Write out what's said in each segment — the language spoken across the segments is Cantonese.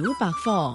小百科。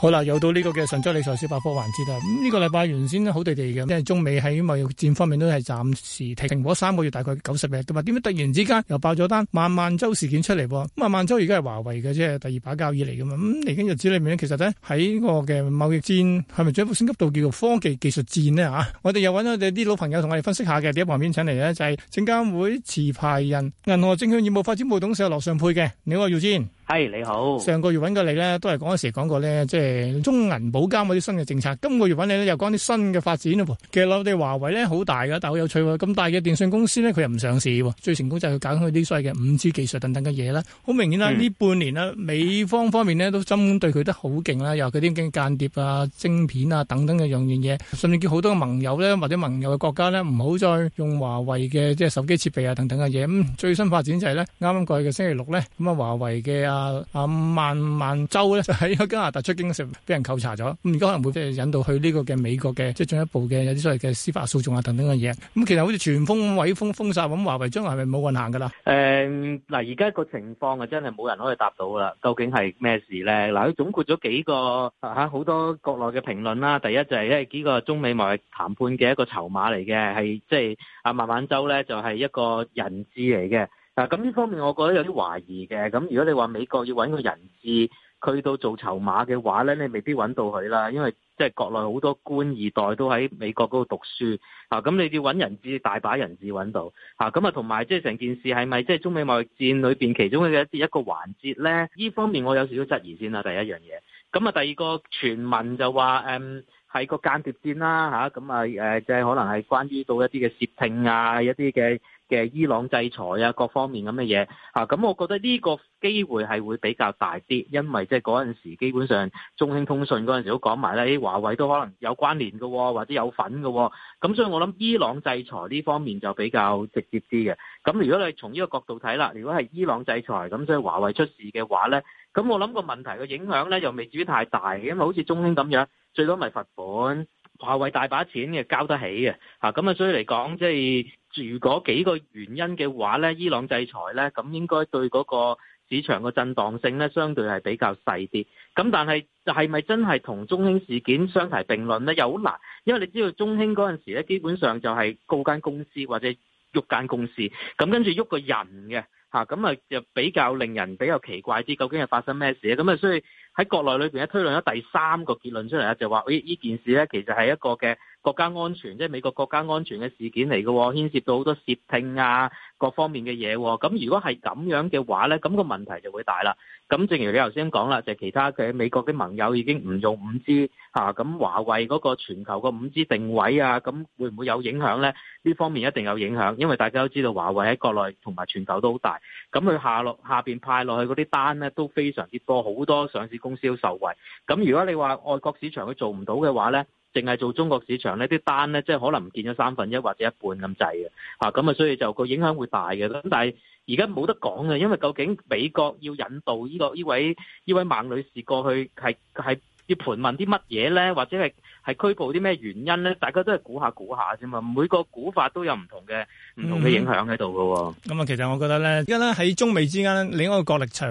好啦，又到呢、這個嘅神州理財小百科環節啦。咁、這、呢個禮拜原先好地地嘅，因為中美喺貿易戰方面都係暫時停停咗三個月，大概九十日。咁點解突然之間又爆咗單？孟晚舟事件出嚟，喎。啊，孟晚舟而家係華為嘅，即係第二把交椅嚟嘅嘛。咁嚟緊日子裏面咧，其實咧喺呢個嘅貿易戰係咪進一步升級到叫做科技技術戰咧？吓， 我哋又搵咗我哋啲老朋友同我哋分析下嘅。第一旁邊請嚟呢，就係、是、證監會持牌人、銀河證券業務發展部董事羅尚沛嘅，你好啊，姚堅。係、hey, 你好，上個月揾過你咧，都係嗰時候講過咧，即、就、係、是、中銀保監嗰啲新嘅政策。今個月揾你咧又講啲新嘅發展咯。其實我哋華為咧好大噶，但係好有趣喎、哦。咁大嘅電信公司咧，佢又唔上市、哦，最成功就係佢搞緊佢啲所謂嘅五 G 技術等等嘅嘢啦。好明顯啦、啊，呢、嗯、半年啦、啊，美方方面咧都針對佢得好勁啦，又佢啲間諜啊、晶片啊等等嘅樣樣嘢，甚至叫好多盟友咧或者盟友嘅國家咧唔好再用華為嘅即係手機設備啊等等嘅嘢。咁、嗯、最新發展就係咧，啱啱過去嘅星期六咧，咁啊華為嘅啊啊孟晚舟咧，就喺加拿大出境嘅時候，俾人扣查咗。咁而家可能會即係引到去呢個嘅美國嘅，即係進一步嘅有啲所謂嘅司法訴訟啊等等嘅嘢。咁其實好似全封、位封、封殺咁，華為將來係咪冇運行噶啦？誒，嗱，而家個情況啊，真係冇人可以答到啦。究竟係咩事咧？嗱，佢總括咗幾個吓好多國內嘅評論啦。第一就係因為呢個中美貿易談判嘅一個籌碼嚟嘅，係即係啊孟晚舟咧，就係一個人質嚟嘅。咁呢方面我覺得有啲懷疑嘅。咁如果你話美國要揾個人質去到做籌碼嘅話呢，你未必揾到佢啦，因為即係國內好多官二代都喺美國嗰度讀書。咁你要揾人質，大把人質揾到。咁啊同埋即係成件事係咪即係中美貿易戰裏邊其中嘅一啲一個環節呢？呢方面我有少少質疑先啦。第一樣嘢。咁啊，第二個傳聞就話誒係個間諜戰啦嚇，咁啊誒即係可能係關於到一啲嘅竊聽啊，一啲嘅嘅伊朗制裁啊，各方面咁嘅嘢吓，咁、啊、我覺得呢個機會係會比較大啲，因為即係嗰陣時基本上中興通訊嗰陣時都講埋咧，華為都可能有關聯嘅、哦，或者有份嘅、哦，咁所以我諗伊朗制裁呢方面就比較直接啲嘅。咁如果你從呢個角度睇啦，如果係伊朗制裁咁，所以華為出事嘅話咧，咁我諗個問題嘅影響咧又未至於太大，因為好似中興咁樣，最多咪罰款，華為大把錢嘅交得起嘅吓，咁啊，所以嚟講，即係。如果幾個原因嘅話咧，伊朗制裁咧，咁應該對嗰個市場嘅震盪性咧，相對係比較細啲。咁但係就係咪真係同中興事件相提並論咧？又好難，因為你知道中興嗰陣時咧，基本上就係告間公司或者喐間公司，咁跟住喐個人嘅吓，咁啊就比較令人比較奇怪啲，究竟係發生咩事咧？咁啊，所以喺國內裏面咧推論咗第三個結論出嚟，就話誒呢件事咧，其實係一個嘅。國家安全即係美國國家安全嘅事件嚟嘅，牽涉到好多竊聽啊，各方面嘅嘢。咁如果係咁樣嘅話呢，咁個問題就會大啦。咁正如你頭先講啦，就係其他嘅美國嘅盟友已經唔用五 G 吓，咁華為嗰個全球個五 G 定位啊，咁會唔會有影響呢？呢方面一定有影響，因為大家都知道華為喺國內同埋全球都好大。咁佢下落下邊派落去嗰啲單呢都非常之多，好多上市公司都受惠。咁如果你話外國市場佢做唔到嘅話呢？淨係做中國市場呢啲單呢，即係可能唔見咗三分一或者一半咁滯嘅，吓咁啊，所以就個影響會大嘅。但係而家冇得講嘅，因為究竟美國要引渡呢個呢位呢位孟女士過去係係。要盤問啲乜嘢咧，或者係係拘捕啲咩原因咧？大家都係估下估下啫嘛，每個估法都有唔同嘅唔、嗯、同嘅影響喺度噶。咁啊、嗯嗯，其實我覺得咧，而家咧喺中美之間咧，另一個角力場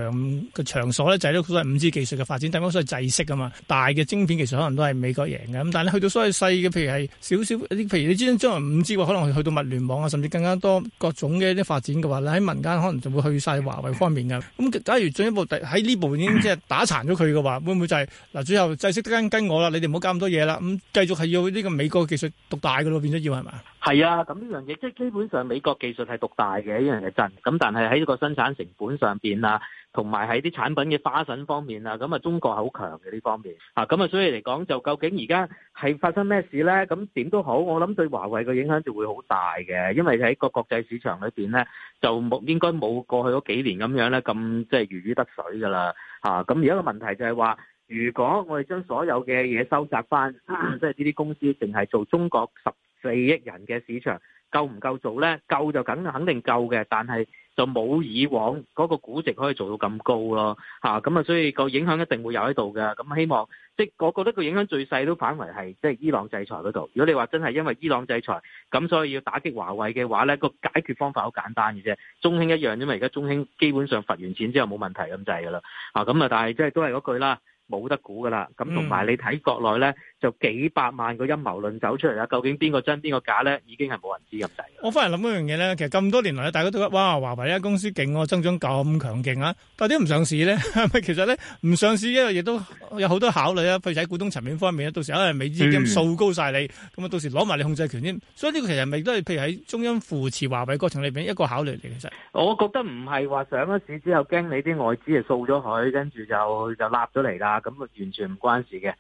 嘅場所咧，就係都係五 G 技術嘅發展，第一個所謂製式啊嘛。大嘅晶片其實可能都係美國贏嘅，咁但係咧去到所謂細嘅，譬如係少少譬如你將將來五 G 可能去到物聯網啊，甚至更加多各種嘅一啲發展嘅話，你喺民間可能就會去晒華為方面嘅。咁、嗯、假如進一步喺呢部已經即係打殘咗佢嘅話，會唔會就係、是、嗱、啊、最後？就識得跟跟我啦，你哋唔好搞咁多嘢啦。咁繼續係要呢個美國技術獨大嘅咯，變咗要係咪？係啊，咁呢樣嘢即係基本上美國技術係獨大嘅呢樣嘢。真。咁但係喺個生產成本上邊啊，同埋喺啲產品嘅花臣方面啊，咁啊中國係好強嘅呢方面。啊，咁啊所以嚟講就究竟而家係發生咩事咧？咁點都好，我諗對華為嘅影響就會好大嘅，因為喺個國際市場裏邊咧就冇應該冇過去嗰幾年咁樣咧咁即係如魚得水噶啦。啊，咁而家個問題就係話。如果我哋將所有嘅嘢收集翻，即係呢啲公司淨係做中國十四億人嘅市場，夠唔夠做呢？夠就梗肯定夠嘅，但係就冇以往嗰個估值可以做到咁高咯。吓，咁啊，所以個影響一定會有喺度嘅。咁希望即係、就是、我覺得個影響最細都反為係即係伊朗制裁嗰度。如果你話真係因為伊朗制裁咁，所以要打擊華為嘅話呢、呢個解決方法好簡單嘅啫。中興一樣，因為而家中興基本上罰完錢之後冇問題咁滯噶啦。啊，咁啊，但係即係都係嗰句啦。冇得估噶啦，咁同埋你睇國內咧，就幾百萬個陰謀論走出嚟啦。究竟邊個真邊個假咧？已經係冇人知咁滯。我翻嚟諗一樣嘢咧，其實咁多年嚟大家都覺得哇，華為呢間公司勁喎，增長咁強勁啊，但係點解唔上市咧？ 其實咧，唔上市，因為嘢都有好多考慮啊。譬如喺股東層面方面咧，到時可能、哎、美資已掃高晒你，咁啊、嗯、到時攞埋你控制權添。所以呢個其實未都係譬如喺中央扶持華為過程裏邊一個考慮嚟嘅。其實我覺得唔係話上咗市之後驚你啲外資係掃咗佢，跟住就就立咗嚟啦。咁啊完全唔關事嘅，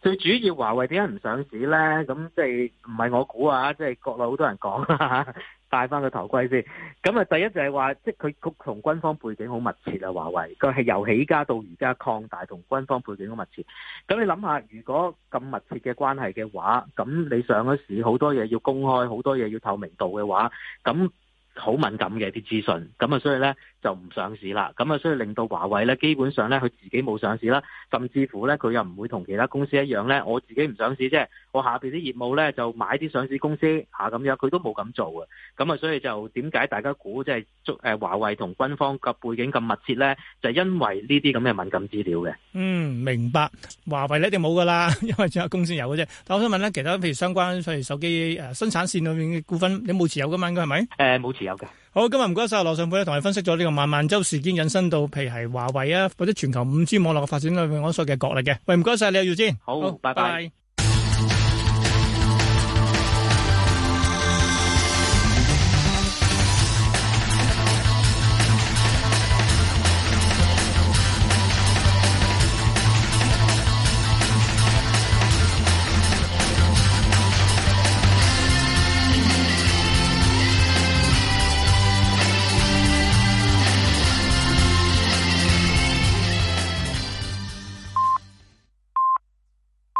最主要華為點解唔上市呢？咁即係唔係我估啊，即係國內好多人講，戴翻個頭盔先。咁啊，第一就係話，即係佢同軍方背景好密切啊。華為佢係由起家到而家擴大，同軍方背景好密切。咁你諗下，如果咁密切嘅關係嘅話，咁你上咗市，好多嘢要公開，好多嘢要透明度嘅話，咁。好敏感嘅啲資訊，咁啊，所以咧就唔上市啦。咁啊，所以令到華為咧，基本上咧佢自己冇上市啦，甚至乎咧佢又唔會同其他公司一樣咧，我自己唔上市啫。我下邊啲業務咧就買啲上市公司吓咁樣，佢都冇咁做嘅。咁啊，所以就點解大家估即係中誒華為同軍方嘅背景咁密切咧？就因為呢啲咁嘅敏感資料嘅。嗯，明白。華為咧一定冇噶啦，因為仲有公司有嘅啫。但係我想問咧，其他譬如相關譬如手機誒生產線裏面嘅股份，你冇持有噶嘛？應該係咪？誒，冇持有嘅。好，今日唔該晒羅尚沛咧，同你分析咗呢個孟晚舟事件引申到，譬如係華為啊，或者全球五 G 網絡嘅發展裏面，我所嘅角力嘅。喂，唔該晒你啊，耀堅。好，拜拜。